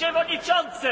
przewodniczący!